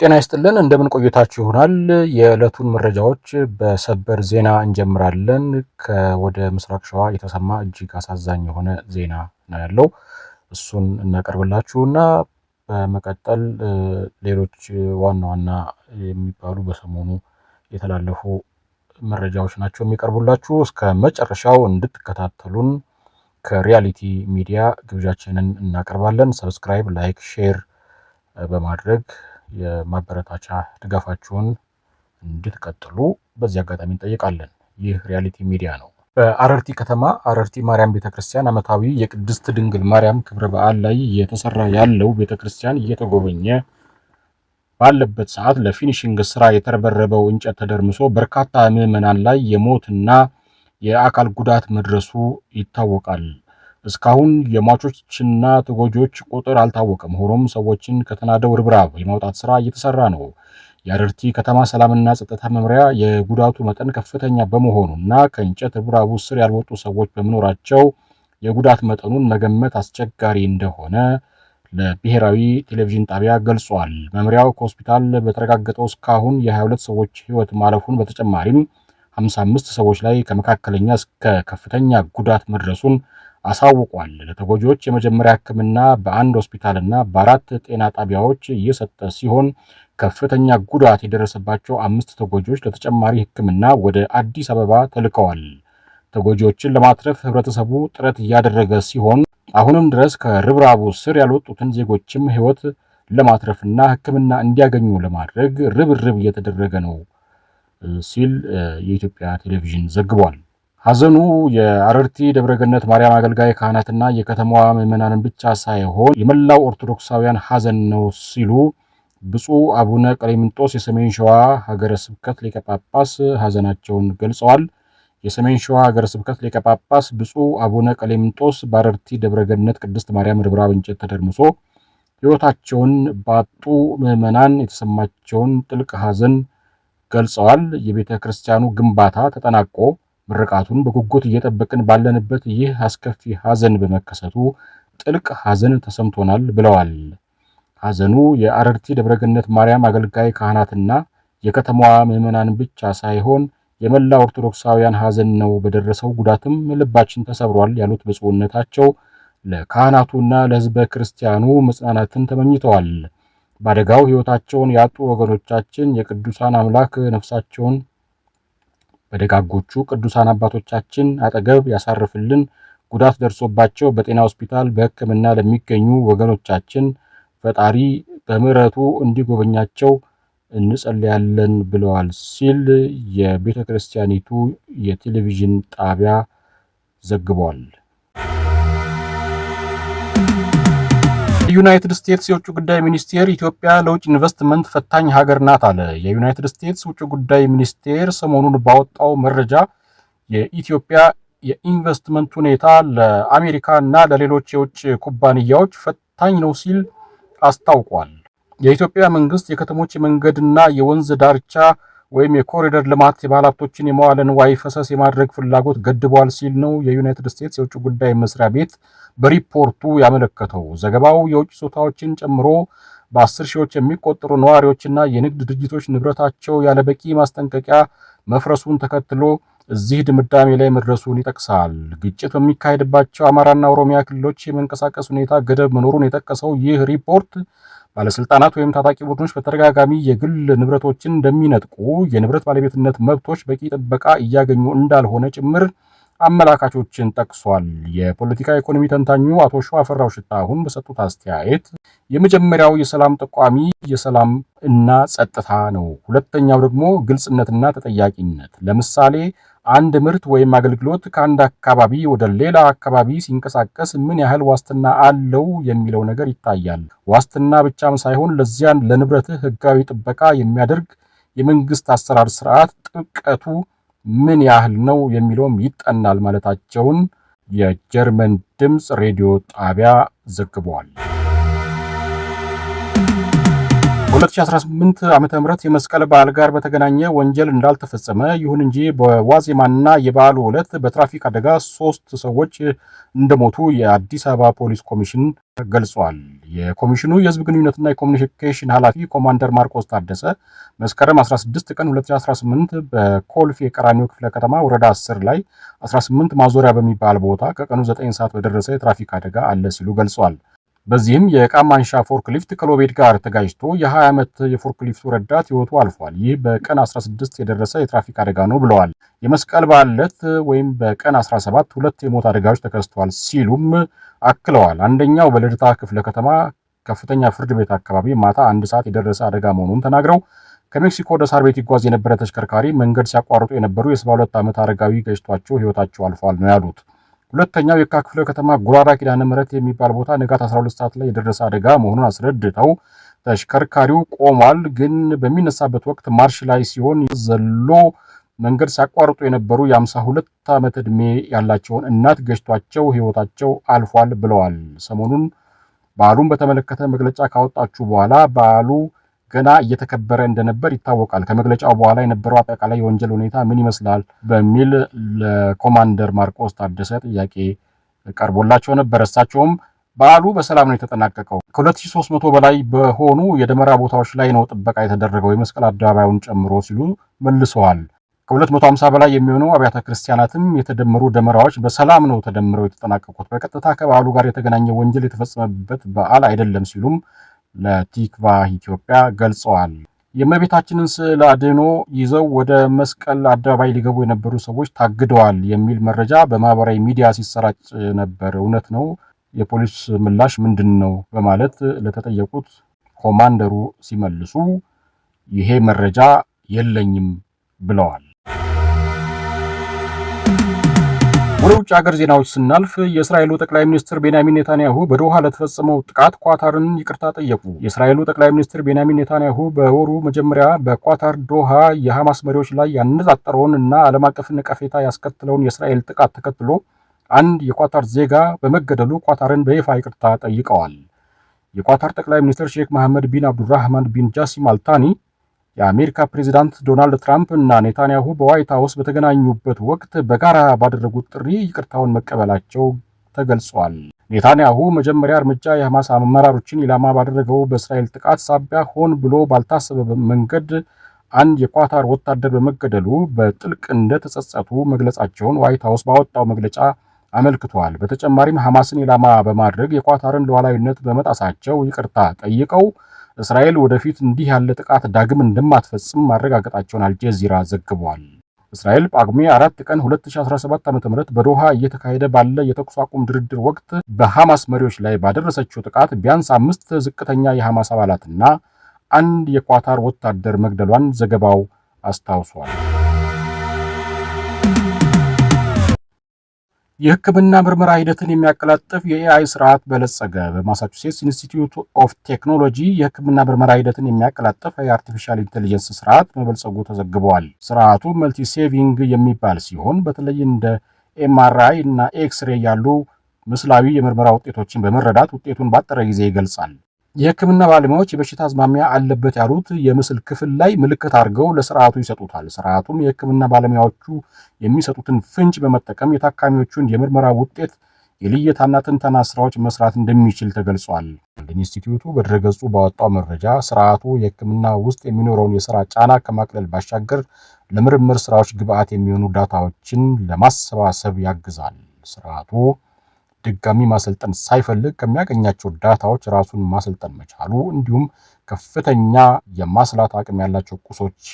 ጤና ይስጥልን እንደምን ቆይታችሁ ይሆናል። የዕለቱን መረጃዎች በሰበር ዜና እንጀምራለን። ከወደ ምስራቅ ሸዋ የተሰማ እጅግ አሳዛኝ የሆነ ዜና ነው ያለው። እሱን እናቀርብላችሁና በመቀጠል ሌሎች ዋና ዋና የሚባሉ በሰሞኑ የተላለፉ መረጃዎች ናቸው የሚቀርቡላችሁ። እስከ መጨረሻው እንድትከታተሉን ከሪያሊቲ ሚዲያ ግብዣችንን እናቀርባለን። ሰብስክራይብ፣ ላይክ፣ ሼር በማድረግ የማበረታቻ ድጋፋችሁን እንድትቀጥሉ በዚህ አጋጣሚ እንጠይቃለን። ይህ ሪያሊቲ ሚዲያ ነው። በአረርቲ ከተማ አረርቲ ማርያም ቤተክርስቲያን ዓመታዊ የቅድስት ድንግል ማርያም ክብረ በዓል ላይ የተሰራ ያለው ቤተክርስቲያን እየተጎበኘ ባለበት ሰዓት ለፊኒሽንግ ስራ የተረበረበው እንጨት ተደርምሶ በርካታ ምዕመናን ላይ የሞትና የአካል ጉዳት መድረሱ ይታወቃል። እስካሁን የሟቾችና ተጎጂዎች ቁጥር አልታወቀም። ሆኖም ሰዎችን ከተናደው ርብራብ የማውጣት ስራ እየተሰራ ነው። የአረርቲ ከተማ ሰላምና ጸጥታ መምሪያ የጉዳቱ መጠን ከፍተኛ በመሆኑ እና ከእንጨት ርብራቡ ስር ያልወጡ ሰዎች በመኖራቸው የጉዳት መጠኑን መገመት አስቸጋሪ እንደሆነ ለብሔራዊ ቴሌቪዥን ጣቢያ ገልጿል። መምሪያው ከሆስፒታል በተረጋገጠው እስካሁን የ22 ሰዎች ህይወት ማለፉን በተጨማሪም 55 ሰዎች ላይ ከመካከለኛ እስከ ከፍተኛ ጉዳት መድረሱን አሳውቋል። ለተጎጂዎች የመጀመሪያ ሕክምና በአንድ ሆስፒታልና በአራት ጤና ጣቢያዎች እየሰጠ ሲሆን ከፍተኛ ጉዳት የደረሰባቸው አምስት ተጎጂዎች ለተጨማሪ ሕክምና ወደ አዲስ አበባ ተልከዋል። ተጎጂዎችን ለማትረፍ ህብረተሰቡ ጥረት እያደረገ ሲሆን አሁንም ድረስ ከርብራቡ ስር ያልወጡትን ዜጎችም ህይወት ለማትረፍና ህክምና እንዲያገኙ ለማድረግ ርብርብ እየተደረገ ነው ሲል የኢትዮጵያ ቴሌቪዥን ዘግቧል። ሐዘኑ የአረርቲ ደብረገነት ማርያም አገልጋይ ካህናትና የከተማዋ ምዕመናንን ብቻ ሳይሆን የመላው ኦርቶዶክሳውያን ሐዘን ነው ሲሉ ብፁዕ አቡነ ቀሌምንጦስ የሰሜን ሸዋ ሀገረ ስብከት ሊቀ ጳጳስ ሐዘናቸውን ገልጸዋል። የሰሜን ሸዋ ሀገረ ስብከት ሊቀ ጳጳስ ብፁዕ አቡነ ቀሌምንጦስ በአረርቲ ደብረገነት ቅድስት ማርያም ርብራብ እንጨት ተደርምሶ ሕይወታቸውን ባጡ ምዕመናን የተሰማቸውን ጥልቅ ሐዘን ገልጸዋል። የቤተ ክርስቲያኑ ግንባታ ተጠናቆ ምርቃቱን በጉጉት እየጠበቅን ባለንበት ይህ አስከፊ ሐዘን በመከሰቱ ጥልቅ ሐዘን ተሰምቶናል ብለዋል። ሐዘኑ የአረርቲ ደብረገነት ማርያም አገልጋይ ካህናትና የከተማዋ ምዕመናን ብቻ ሳይሆን የመላ ኦርቶዶክሳውያን ሐዘን ነው። በደረሰው ጉዳትም ልባችን ተሰብሯል ያሉት ብፁዕነታቸው ለካህናቱና ለሕዝበ ክርስቲያኑ መጽናናትን ተመኝተዋል። በአደጋው ሕይወታቸውን ያጡ ወገኖቻችን የቅዱሳን አምላክ ነፍሳቸውን በደጋጎቹ ቅዱሳን አባቶቻችን አጠገብ ያሳርፍልን። ጉዳት ደርሶባቸው በጤና ሆስፒታል በሕክምና ለሚገኙ ወገኖቻችን ፈጣሪ በምሕረቱ እንዲጎበኛቸው እንጸልያለን ብለዋል ሲል የቤተ ክርስቲያኒቱ የቴሌቪዥን ጣቢያ ዘግቧል። የዩናይትድ ስቴትስ የውጭ ጉዳይ ሚኒስቴር ኢትዮጵያ ለውጭ ኢንቨስትመንት ፈታኝ ሀገር ናት አለ። የዩናይትድ ስቴትስ ውጭ ጉዳይ ሚኒስቴር ሰሞኑን ባወጣው መረጃ የኢትዮጵያ የኢንቨስትመንት ሁኔታ ለአሜሪካ እና ለሌሎች የውጭ ኩባንያዎች ፈታኝ ነው ሲል አስታውቋል። የኢትዮጵያ መንግስት የከተሞች የመንገድና የወንዝ ዳርቻ ወይም የኮሪደር ልማት የባለሀብቶችን የመዋለን የመዋለ ንዋይ ፈሰስ የማድረግ ፍላጎት ገድቧል ሲል ነው የዩናይትድ ስቴትስ የውጭ ጉዳይ መስሪያ ቤት በሪፖርቱ ያመለከተው። ዘገባው የውጭ ጾታዎችን ጨምሮ በአስር ሺዎች የሚቆጠሩ ነዋሪዎችና የንግድ ድርጅቶች ንብረታቸው ያለበቂ ማስጠንቀቂያ መፍረሱን ተከትሎ እዚህ ድምዳሜ ላይ መድረሱን ይጠቅሳል። ግጭት በሚካሄድባቸው አማራና ኦሮሚያ ክልሎች የመንቀሳቀስ ሁኔታ ገደብ መኖሩን የጠቀሰው ይህ ሪፖርት ባለስልጣናት ወይም ታጣቂ ቡድኖች በተደጋጋሚ የግል ንብረቶችን እንደሚነጥቁ፣ የንብረት ባለቤትነት መብቶች በቂ ጥበቃ እያገኙ እንዳልሆነ ጭምር አመላካቾችን ጠቅሷል። የፖለቲካ ኢኮኖሚ ተንታኙ አቶ ሸዋፈራው ሽታሁን በሰጡት አስተያየት የመጀመሪያው የሰላም ጠቋሚ የሰላም እና ጸጥታ ነው። ሁለተኛው ደግሞ ግልጽነትና ተጠያቂነት ለምሳሌ አንድ ምርት ወይም አገልግሎት ከአንድ አካባቢ ወደ ሌላ አካባቢ ሲንቀሳቀስ ምን ያህል ዋስትና አለው የሚለው ነገር ይታያል። ዋስትና ብቻም ሳይሆን ለዚያን ለንብረትህ ህጋዊ ጥበቃ የሚያደርግ የመንግስት አሰራር ስርዓት ጥብቀቱ ምን ያህል ነው የሚለውም ይጠናል ማለታቸውን የጀርመን ድምፅ ሬዲዮ ጣቢያ ዘግቧል። በ2018 ዓ ም የመስቀል በዓል ጋር በተገናኘ ወንጀል እንዳልተፈጸመ ይሁን እንጂ በዋዜማና የበዓሉ ዕለት በትራፊክ አደጋ ሶስት ሰዎች እንደሞቱ የአዲስ አበባ ፖሊስ ኮሚሽን ገልጿል። የኮሚሽኑ የህዝብ ግንኙነትና የኮሚኒኬሽን ኃላፊ ኮማንደር ማርቆስ ታደሰ መስከረም 16 ቀን 2018 በኮልፌ ቀራኒዮ ክፍለ ከተማ ወረዳ 10 ላይ 18 ማዞሪያ በሚባል ቦታ ከቀኑ 9 ሰዓት በደረሰ የትራፊክ አደጋ አለ ሲሉ ገልጿል። በዚህም የእቃ ማንሻ ፎርክሊፍት ከሎቤድ ጋር ተጋጅቶ የ20 ዓመት የፎርክሊፍቱ ረዳት ህይወቱ አልፏል። ይህ በቀን 16 የደረሰ የትራፊክ አደጋ ነው ብለዋል። የመስቀል በዓል ዕለት ወይም በቀን 17 ሁለት የሞት አደጋዎች ተከስተዋል ሲሉም አክለዋል። አንደኛው በልደታ ክፍለ ከተማ ከፍተኛ ፍርድ ቤት አካባቢ ማታ አንድ ሰዓት የደረሰ አደጋ መሆኑን ተናግረው ከሜክሲኮ ወደ ሳር ቤት ይጓዝ የነበረ ተሽከርካሪ መንገድ ሲያቋርጡ የነበሩ የ72 ዓመት አረጋዊ ገጭቷቸው ህይወታቸው አልፏል ነው ያሉት። ሁለተኛው የካ ክፍለ ከተማ ጉራራ ኪዳነ ምሕረት የሚባል ቦታ ንጋት 12 ሰዓት ላይ የደረሰ አደጋ መሆኑን አስረድተው ተሽከርካሪው ቆሟል፣ ግን በሚነሳበት ወቅት ማርሽ ላይ ሲሆን ዘሎ መንገድ ሲያቋርጡ የነበሩ የ52 ዓመት ዕድሜ ያላቸውን እናት ገጭቷቸው ሕይወታቸው አልፏል ብለዋል። ሰሞኑን በዓሉን በተመለከተ መግለጫ ካወጣችሁ በኋላ በዓሉ ገና እየተከበረ እንደነበር ይታወቃል። ከመግለጫው በኋላ የነበረው አጠቃላይ የወንጀል ሁኔታ ምን ይመስላል በሚል ለኮማንደር ማርቆስ ታደሰ ጥያቄ ቀርቦላቸው ነበር። እሳቸውም በዓሉ በሰላም ነው የተጠናቀቀው። ከ2300 በላይ በሆኑ የደመራ ቦታዎች ላይ ነው ጥበቃ የተደረገው የመስቀል አደባባዩን ጨምሮ ሲሉ መልሰዋል። ከ250 በላይ የሚሆኑ አብያተ ክርስቲያናትም የተደመሩ ደመራዎች በሰላም ነው ተደምረው የተጠናቀቁት። በቀጥታ ከበዓሉ ጋር የተገናኘ ወንጀል የተፈጸመበት በዓል አይደለም ሲሉም ለቲክቫ ኢትዮጵያ ገልጸዋል። የእመቤታችንን ስዕል አድኖ ይዘው ወደ መስቀል አደባባይ ሊገቡ የነበሩ ሰዎች ታግደዋል የሚል መረጃ በማህበራዊ ሚዲያ ሲሰራጭ ነበር። እውነት ነው? የፖሊስ ምላሽ ምንድን ነው? በማለት ለተጠየቁት ኮማንደሩ ሲመልሱ ይሄ መረጃ የለኝም ብለዋል። ወደ ውጭ ሀገር ዜናዎች ስናልፍ የእስራኤሉ ጠቅላይ ሚኒስትር ቤንያሚን ኔታንያሁ በዶሃ ለተፈጸመው ጥቃት ኳታርን ይቅርታ ጠየቁ። የእስራኤሉ ጠቅላይ ሚኒስትር ቤንያሚን ኔታንያሁ በወሩ መጀመሪያ በኳታር ዶሃ የሐማስ መሪዎች ላይ ያነጣጠረውን እና ዓለም አቀፍ ነቀፌታ ያስከትለውን የእስራኤል ጥቃት ተከትሎ አንድ የኳታር ዜጋ በመገደሉ ኳታርን በይፋ ይቅርታ ጠይቀዋል። የኳታር ጠቅላይ ሚኒስትር ሼክ መሐመድ ቢን አብዱራህማን ቢን ጃሲም አልታኒ የአሜሪካ ፕሬዚዳንት ዶናልድ ትራምፕ እና ኔታንያሁ በዋይት ሀውስ በተገናኙበት ወቅት በጋራ ባደረጉት ጥሪ ይቅርታውን መቀበላቸው ተገልጿል። ኔታንያሁ መጀመሪያ እርምጃ የሐማስ አመራሮችን ኢላማ ባደረገው በእስራኤል ጥቃት ሳቢያ ሆን ብሎ ባልታሰበ መንገድ አንድ የኳታር ወታደር በመገደሉ በጥልቅ እንደተጸጸቱ መግለጻቸውን ዋይት ሀውስ ባወጣው መግለጫ አመልክቷል። በተጨማሪም ሐማስን ኢላማ በማድረግ የኳታርን ሉዓላዊነት በመጣሳቸው ይቅርታ ጠይቀው እስራኤል ወደፊት እንዲህ ያለ ጥቃት ዳግም እንደማትፈጽም ማረጋገጣቸውን አልጀዚራ ዘግቧል። እስራኤል ጳጉሜ አራት ቀን 2017 ዓ.ም በዶሃ እየተካሄደ ባለ የተኩስ አቁም ድርድር ወቅት በሐማስ መሪዎች ላይ ባደረሰችው ጥቃት ቢያንስ አምስት ዝቅተኛ የሐማስ አባላትና አንድ የኳታር ወታደር መግደሏን ዘገባው አስታውሷል። የህክምና ምርመራ ሂደትን የሚያቀላጥፍ የኤአይ ስርዓት በለጸገ። በማሳቹሴትስ ኢንስቲትዩት ኦፍ ቴክኖሎጂ የህክምና ምርመራ ሂደትን የሚያቀላጥፍ የአርቲፊሻል ኢንቴሊጀንስ ስርዓት መበልጸጉ ተዘግበዋል። ስርዓቱ መልቲ ሴቪንግ የሚባል ሲሆን በተለይ እንደ ኤምአርአይ እና ኤክስሬ ያሉ ምስላዊ የምርመራ ውጤቶችን በመረዳት ውጤቱን ባጠረ ጊዜ ይገልጻል። የህክምና ባለሙያዎች የበሽታ አዝማሚያ አለበት ያሉት የምስል ክፍል ላይ ምልክት አድርገው ለስርዓቱ ይሰጡታል። ስርዓቱም የህክምና ባለሙያዎቹ የሚሰጡትን ፍንጭ በመጠቀም የታካሚዎቹን የምርመራ ውጤት የልየታና ትንተና ስራዎች መስራት እንደሚችል ተገልጿል። ኢንስቲትዩቱ በድረገጹ ባወጣው መረጃ ስርዓቱ የህክምና ውስጥ የሚኖረውን የስራ ጫና ከማቅለል ባሻገር ለምርምር ስራዎች ግብአት የሚሆኑ ዳታዎችን ለማሰባሰብ ያግዛል። ስርዓቱ ድጋሚ ማሰልጠን ሳይፈልግ ከሚያገኛቸው እርዳታዎች ራሱን ማሰልጠን መቻሉ እንዲሁም ከፍተኛ የማስላት አቅም ያላቸው ቁሶች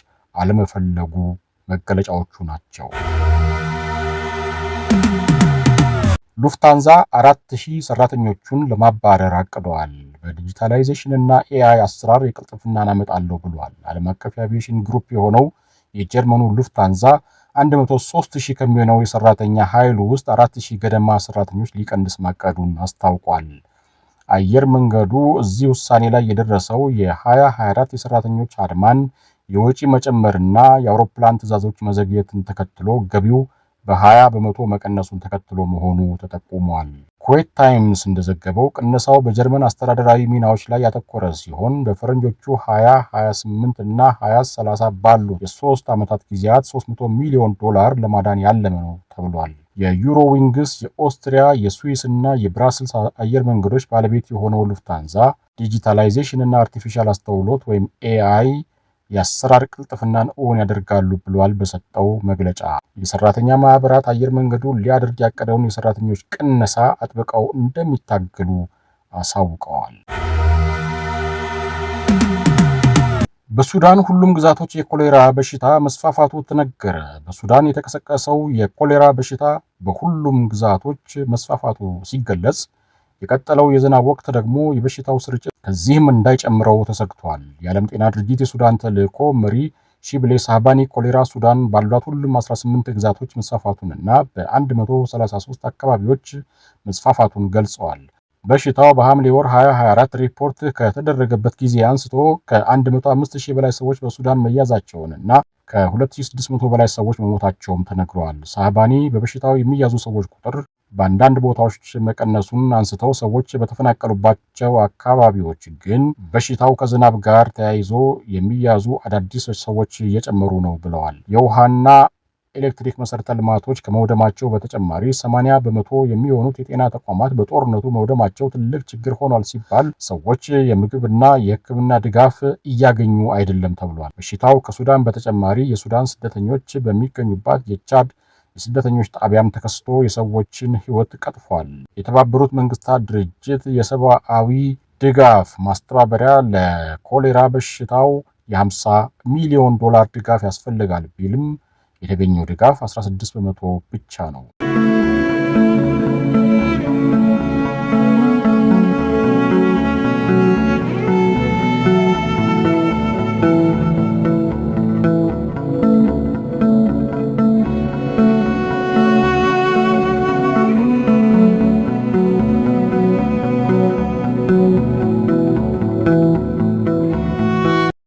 አለመፈለጉ መገለጫዎቹ ናቸው። ሉፍታንዛ አራት ሺህ ሰራተኞቹን ለማባረር አቅደዋል። በዲጂታላይዜሽን እና ኤአይ አሰራር የቅልጥፍናን አመጣለሁ ብሏል። ዓለም አቀፍ የአቪዬሽን ግሩፕ የሆነው የጀርመኑ ሉፍታንዛ 103 ሺህ ከሚሆነው የሰራተኛ ኃይሉ ውስጥ 4 ሺህ ገደማ ሰራተኞች ሊቀንስ ማቀዱን አስታውቋል። አየር መንገዱ እዚህ ውሳኔ ላይ የደረሰው የ2024 የሰራተኞች አድማን፣ የወጪ መጨመርና የአውሮፕላን ትዕዛዞች መዘግየትን ተከትሎ ገቢው በ20 በመቶ መቀነሱን ተከትሎ መሆኑ ተጠቁሟል። ኩዌት ታይምስ እንደዘገበው ቅነሳው በጀርመን አስተዳደራዊ ሚናዎች ላይ ያተኮረ ሲሆን በፈረንጆቹ 20 28 እና 2030 ባሉ የሶስት ዓመታት ጊዜያት 300 ሚሊዮን ዶላር ለማዳን ያለመ ነው ተብሏል። የዩሮ ዊንግስ የኦስትሪያ የስዊስ እና የብራስልስ አየር መንገዶች ባለቤት የሆነው ሉፍታንዛ ዲጂታላይዜሽን እና አርቲፊሻል አስተውሎት ወይም ኤአይ የአሰራር ቅልጥፍናን እውን ያደርጋሉ ብለዋል። በሰጠው መግለጫ የሰራተኛ ማህበራት አየር መንገዱ ሊያደርግ ያቀደውን የሰራተኞች ቅነሳ አጥብቀው እንደሚታገሉ አሳውቀዋል። በሱዳን ሁሉም ግዛቶች የኮሌራ በሽታ መስፋፋቱ ተነገረ። በሱዳን የተቀሰቀሰው የኮሌራ በሽታ በሁሉም ግዛቶች መስፋፋቱ ሲገለጽ የቀጠለው የዝናብ ወቅት ደግሞ የበሽታው ስርጭት ከዚህም እንዳይጨምረው ተሰግቷል። የዓለም ጤና ድርጅት የሱዳን ተልዕኮ መሪ ሺብሌ ሳህባኒ ኮሌራ ሱዳን ባሏት ሁሉም 18 ግዛቶች መስፋፋቱንና በ133 አካባቢዎች መስፋፋቱን ገልጸዋል። በሽታው በሐምሌ ወር 2024 ሪፖርት ከተደረገበት ጊዜ አንስቶ ከ105 በላይ ሰዎች በሱዳን መያዛቸውንና ከ2600 በላይ ሰዎች መሞታቸውም ተነግረዋል። ሳህባኒ በበሽታው የሚያዙ ሰዎች ቁጥር በአንዳንድ ቦታዎች መቀነሱን አንስተው ሰዎች በተፈናቀሉባቸው አካባቢዎች ግን በሽታው ከዝናብ ጋር ተያይዞ የሚያዙ አዳዲስ ሰዎች እየጨመሩ ነው ብለዋል። የውሃና ኤሌክትሪክ መሰረተ ልማቶች ከመውደማቸው በተጨማሪ 80 በመቶ የሚሆኑት የጤና ተቋማት በጦርነቱ መውደማቸው ትልቅ ችግር ሆኗል ሲባል ሰዎች የምግብና የሕክምና ድጋፍ እያገኙ አይደለም ተብሏል። በሽታው ከሱዳን በተጨማሪ የሱዳን ስደተኞች በሚገኙባት የቻድ የስደተኞች ጣቢያም ተከስቶ የሰዎችን ሕይወት ቀጥፏል። የተባበሩት መንግስታት ድርጅት የሰብአዊ ድጋፍ ማስተባበሪያ ለኮሌራ በሽታው የ50 ሚሊዮን ዶላር ድጋፍ ያስፈልጋል ቢልም የተገኘው ድጋፍ 16 በመቶ ብቻ ነው።